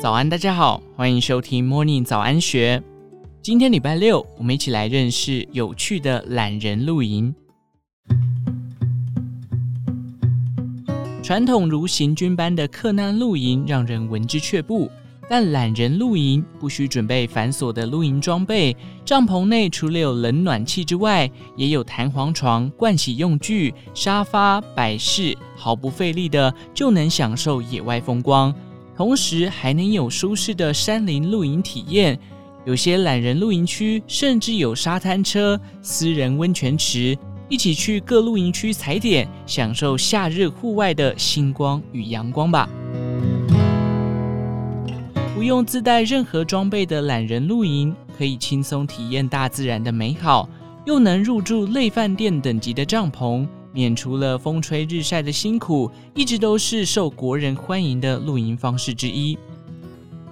早安，大家好，歡迎收聽 Morning 早安學。今天禮拜六，我們一起來認識有趣的懶人露營。傳統如行軍般的克難露營讓人聞之卻步，但懶人露營不需準備繁瑣的露營裝備，帳篷內除了有冷暖氣之外，也有彈簧床、盥洗用具、沙發、擺飾，毫不費力的就能享受野外風光。同時還能有舒適的山林露營體驗，有些懶人露營區甚至有沙灘車、私人溫泉池。一起去各露營區踩點，享受夏日戶外的星光與陽光吧！不用自帶任何裝備的懶人露營，可以輕鬆體驗大自然的美好，又能入住類飯店等級的帳篷。免除了風吹日曬的辛苦，一直都是受國人歡迎的露營方式之一。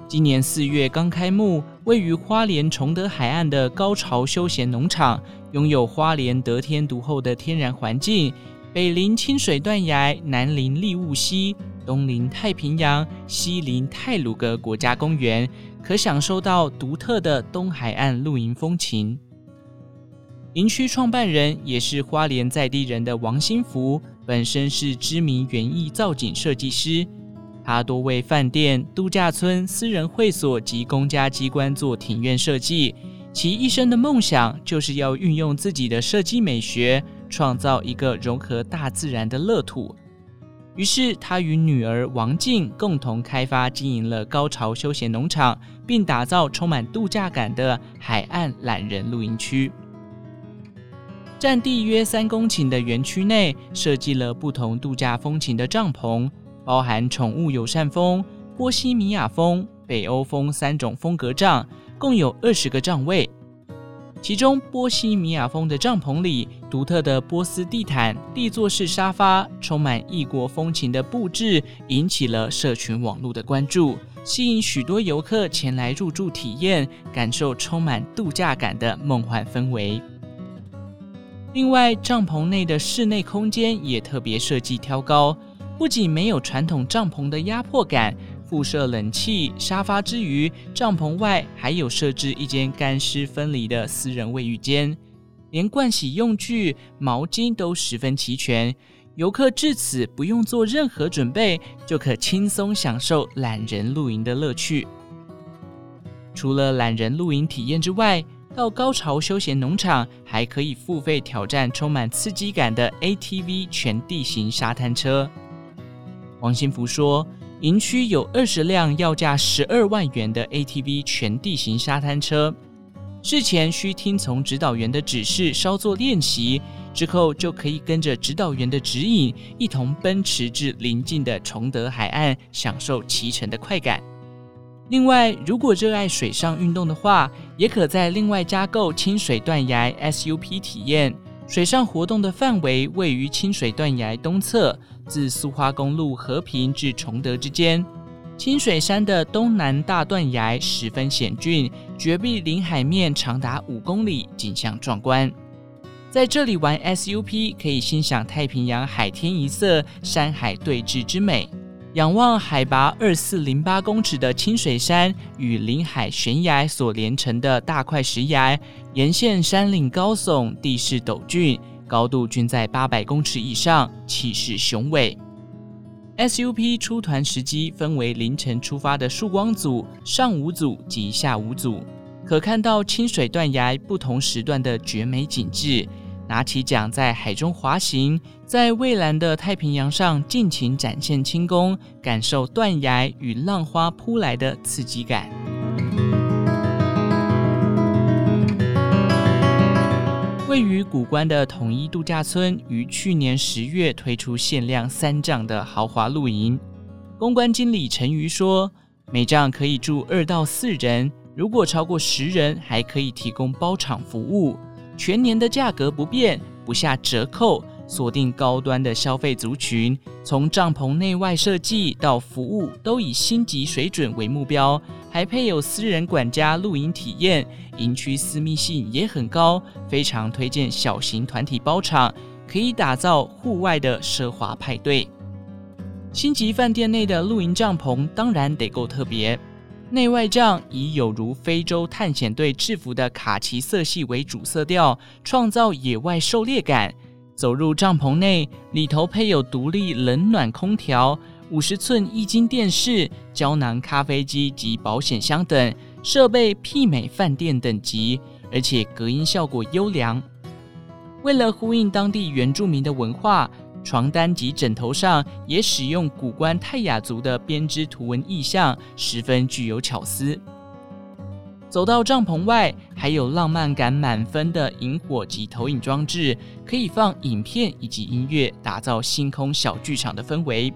今年四月剛開幕，位於花蓮崇德海岸的高潮休閒農場，擁有花蓮得天獨厚的天然環境，北臨清水斷崖，南臨立霧溪，東臨太平洋，西臨太魯閣國家公園，可享受到獨特的東海岸露營風情。營區創辦人也是花蓮在地人的王新福，本身是知名園藝造景設計師，他多為飯店、度假村、私人會所及公家機關做庭院設計。其一生的夢想就是要運用自己的設計美學，創造一個融合大自然的樂土。於是他與女兒王靜共同開發經營了高潮休閒農場，並打造充滿度假感的海岸懶人露營區。佔地約三公頃的園區內，設計了不同度假風情的帳篷，包含寵物友善風、波西米亞風、北歐風三種風格帳，共有二十個帳位。其中波西米亞風的帳篷裡，獨特的波斯地毯、地座式沙發，充滿異國風情的布置，引起了社群網絡的關注，吸引許多遊客前來入住體驗，感受充滿度假感的夢幻氛圍。另外，帳篷內的室內空間也特別設計挑高，不僅沒有傳統帳篷的壓迫感，附設冷氣、沙發之餘，帳篷外還有設置一間乾濕分離的私人衛浴間，連盥洗用具、毛巾都十分齊全，遊客至此不用做任何準備，就可輕鬆享受懶人露營的樂趣。除了懶人露營體驗之外，到高潮休閒農場，還可以付費挑戰充滿刺激感的 ATV 全地形沙灘車。王新福說，營區有二十輛要價十二萬元的 ATV 全地形沙灘車，事前需聽從指導員的指示，稍作練習之後，就可以跟着指導員的指引，一同奔馳至鄰近的崇德海岸，享受騎乘的快感。另外，如果熱愛水上運動的話，也可在另外加購清水斷崖 SUP 體驗。水上活動的範圍位於清水斷崖東側，自蘇花公路和平至崇德之間。清水山的東南大斷崖十分險峻，絕壁臨海面長達五公里，景象壯觀。在這裡玩 SUP，可以欣賞太平洋海天一色、山海對峙之美。仰望海拔二四零八公尺的清水山與臨海懸崖所連成的大塊石崖，沿線山嶺高聳，地勢陡峻，高度均在八百公尺以上，氣勢雄偉。SUP 出團時機分為凌晨出發的曙光組、上午組及下午組，可看到清水斷崖不同時段的絕美景致。拿起槳在海中滑行，在蔚藍的太平洋上盡情展現輕功，感受斷崖與浪花撲來的刺激感。位於古關的統一度假村於去年十月推出限量三帳的豪華露營。公關經理陳瑜說，每帳可以住二到四人，如果超過十人，還可以提供包場服務。全年的價格不變，不下折扣，鎖定高端的消費族群。從帳篷內外設計到服務，都以星級水準為目標，還配有私人管家。露營體驗，營區私密性也很高，非常推薦小型團體包場，可以打造戶外的奢華派對。星級飯店內的露營帳篷當然得夠特別。內外帳以有如非洲探險隊制服的卡其色系為主色調，創造野外狩獵感。走入帳篷內，裡頭配有獨立冷暖空調、五十寸液晶電視、膠囊咖啡機及保險箱等設備，媲美飯店等級，而且隔音效果優良。為了呼應當地原住民的文化，床單及枕頭上也使用古關泰雅族的編織圖文意象，十分具有巧思。走到帳篷外，還有浪漫感滿分的螢火及投影裝置，可以放影片以及音樂，打造星空小劇場的氛圍。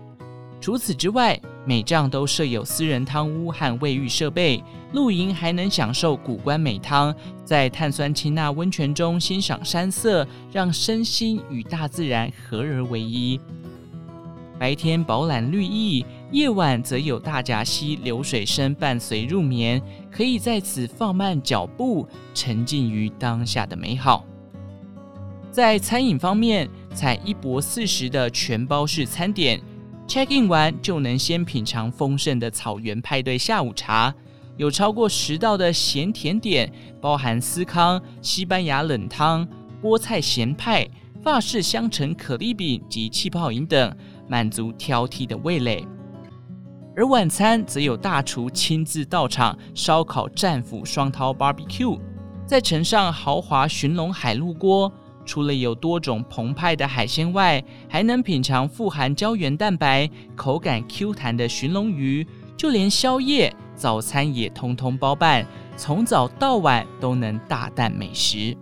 除此之外，每帳都設有私人湯屋和衛浴設備，露營還能享受谷關美湯，在碳酸氫鈉溫泉中欣賞山色，讓身心與大自然合而為一。白天飽覽綠意，夜晚則有大甲溪流水聲伴隨入眠，可以在此放慢腳步，沉浸於當下的美好。在餐飲方面，採一泊四十的全包式餐點。check in 完，就能先品嘗豐盛的草原派對下午茶，有超過十道的鹹甜點，包含司康、西班牙冷湯、菠菜鹹派、法式香橙可麗餅及氣泡飲等，滿足挑剔的味蕾。而晚餐則有大廚親自到場燒烤戰斧雙濤 barbecue，再盛上豪華尋龍海陸鍋。除了有多種澎湃的海鮮外，還能品嘗富含膠，膠原蛋白、口感 Q 彈的鱘龍魚。就連宵夜、早餐也通通包辦，從早到晚都能大啖美食。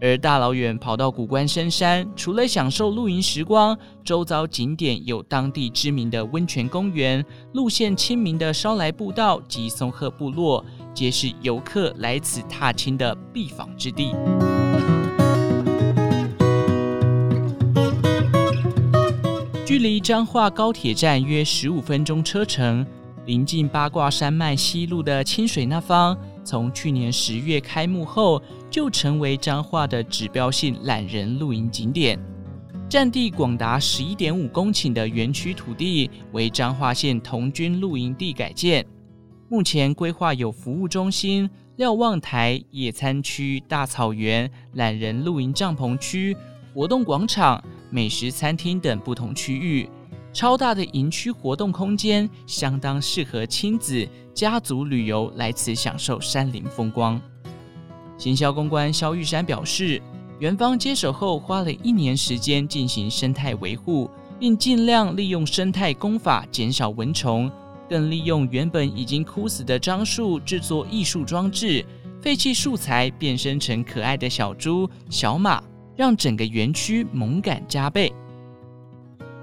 而大老遠跑到谷關深山，除了享受露營時光，周遭景點有當地知名的溫泉公園、路線親民的稍來步道及松鶴部落，皆是遊客來此踏青的必訪之地。距離彰化高鐵站約十五分鐘車程，臨近八卦山脈西麓的清水那方，從去年十月開幕後，就成為彰化的指標性懶人露營景點。占地廣達十一點五公頃的園區土地，為彰化縣童軍露營地改建。目前規劃有服務中心、瞭望台、野餐區、大草原、懶人露營帳篷區、活動廣場，美食餐廳等不同區域，超大的營區活動空間相當適合親子、家族旅遊來此享受山林風光。行銷公關蕭玉山表示，園方接手後花了一年時間進行生態維護，並盡量利用生態工法減少蚊蟲，更利用原本已經枯死的樟樹製作藝術裝置，廢棄素材變身成可愛的小豬、小馬。讓整個園區萌感加倍。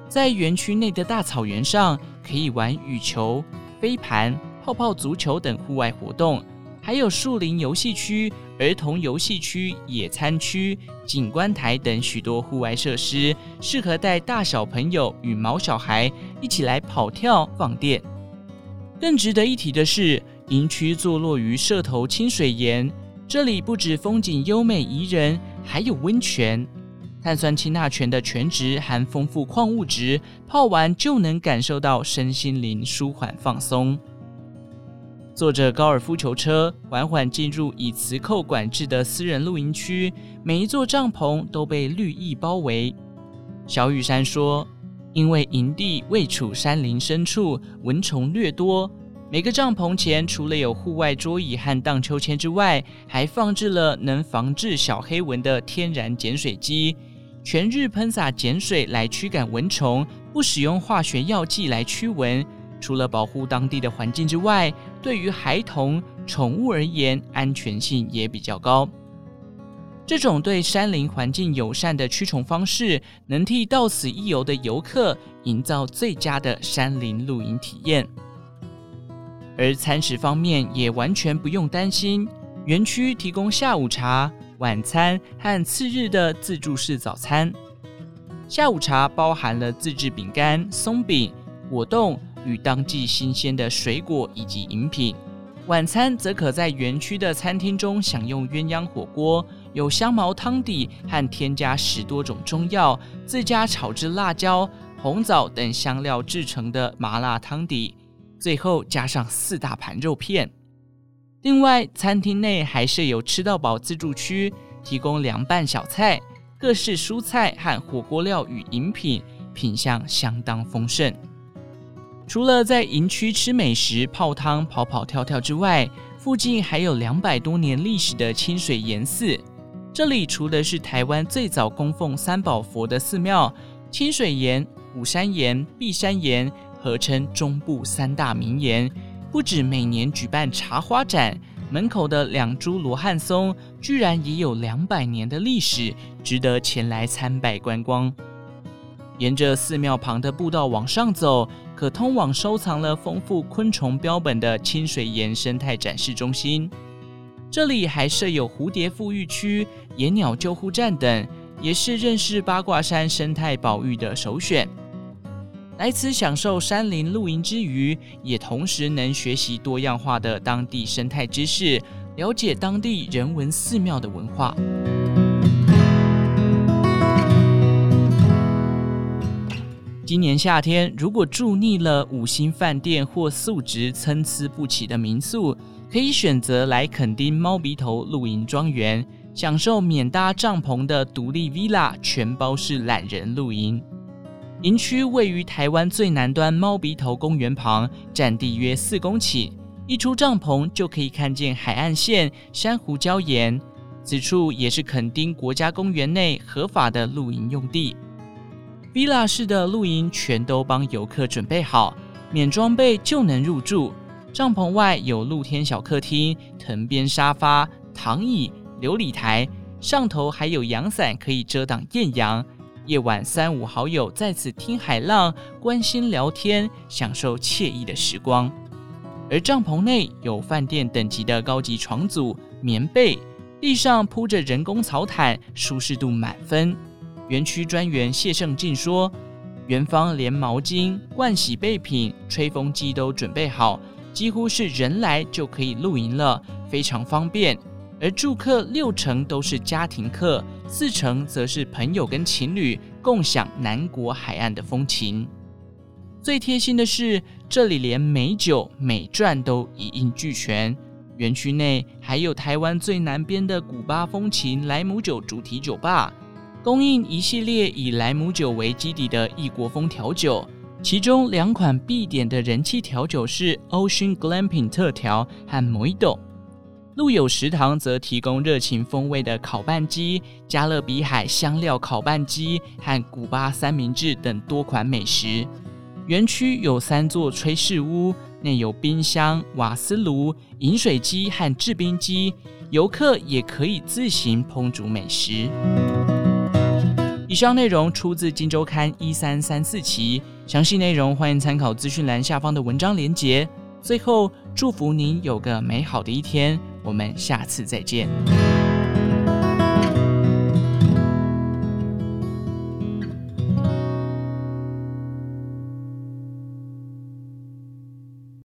在園區內的大草原上，可以玩羽球、飛盤、泡泡足球等戶外活動，還有樹林遊戲區、兒童遊戲區、野餐區、景觀台等許多戶外設施，適合帶大小朋友與毛小孩一起來跑跳放電。更值得一提的是，營區坐落於社頭清水岩，這裡不止風景優美宜人。還有溫泉，碳酸氫鈉泉的泉質含豐富礦物質，泡完就能感受到身心靈舒緩放鬆。坐着高爾夫球車，緩緩進入以磁扣管制的私人露營區，每一座帳篷都被綠意包圍。小雨山說：“因為營地位處山林深處，蚊蟲略多。”每個帳篷前除了有戶外桌椅和盪秋千之外，還放置了能防治小黑蚊的天然鹼水機，全日噴灑鹼水來驅趕蚊蟲，不使用化學藥劑來驅蚊。除了保護當地的環境之外，對於孩童、寵物而言，安全性也比較高。這種對山林環境友善的驅蟲方式，能替到此一遊的遊客營造最佳的山林露營體驗。而餐食方面也完全不用擔心，園區提供下午茶、晚餐和次日的自助式早餐。下午茶包含了自制餅乾、鬆餅、果凍與當季新鮮的水果以及飲品。晚餐則可在園區的餐廳中享用鴛鴦火鍋，有香茅湯底和添加十多種中藥、自家炒製辣椒、紅棗等香料製成的麻辣湯底。最後加上四大盤肉片。另外，餐廳內還設有吃到飽自助區，提供涼拌小菜、各式蔬菜和火鍋料與飲品，品相相當豐盛。除了在營區吃美食、泡湯、跑跑跳跳之外，附近還有兩百多年歷史的清水岩寺。這裡除了是台灣最早供奉三寶佛的寺廟，清水岩、虎山岩、碧山岩，合稱中部三大名岩，不止每年舉辦茶花展，門口的兩株羅漢松居然已有兩百年的歷史，值得前來參拜觀光。沿着寺廟旁的步道往上走，可通往收藏了豐富昆蟲標本的清水岩生態展示中心。這裡還設有蝴蝶復育區、野鳥救護站等，也是認識八卦山生態保育的首選。來此享受山林露營之餘，也同時能學習多樣化的當地生態知識，了解當地人文寺廟的文化。今年夏天，如果住膩了五星飯店或素質參差不齊的民宿，可以選擇來墾丁貓鼻頭露營莊園，享受免搭帳篷的獨立 villa 全包式懶人露營。營區位於台灣最南端貓鼻頭公園旁，占地約四公頃。一出帳篷就可以看見海岸線、珊瑚礁岩。此處也是墾丁國家公園內合法的露營用地。Villa 式的露營全都幫遊客準備好，免裝備就能入住。帳篷外有露天小客廳、藤編沙發、躺椅、流理台，上頭還有陽傘可以遮擋豔陽。夜晚，三五好友在此聽海浪、關心聊天，享受愜意的時光。而帳篷內有飯店等級的高級床組、棉被，地上鋪着人工草毯，舒適度滿分。園區專員謝勝進說：“園方連毛巾、盥洗備品、吹風機都準備好，幾乎是人來就可以露營了，非常方便。”而住客六成都是家庭客，四成則是朋友跟情侶共享南國海岸的風情。最貼心的是，這裡連美酒美饌都一應俱全。園區內還有台灣最南邊的古巴風情萊姆酒主題酒吧，供應一系列以萊姆酒為基底的異國風調酒，其中兩款必點的人氣調酒是 Ocean Glamping 特調和 Mojito。陸友食堂則提供熱情風味的烤半雞、加勒比海香料烤半雞和古巴三明治等多款美食。園區有三座炊事屋，內有冰箱、瓦斯爐、飲水機和制冰機，遊客也可以自行烹煮美食。以上內容出自《今周刊》一三三四期，詳細內容歡迎參考資訊欄下方的文章連結。最後，祝福您有個美好的一天。我們下次再見。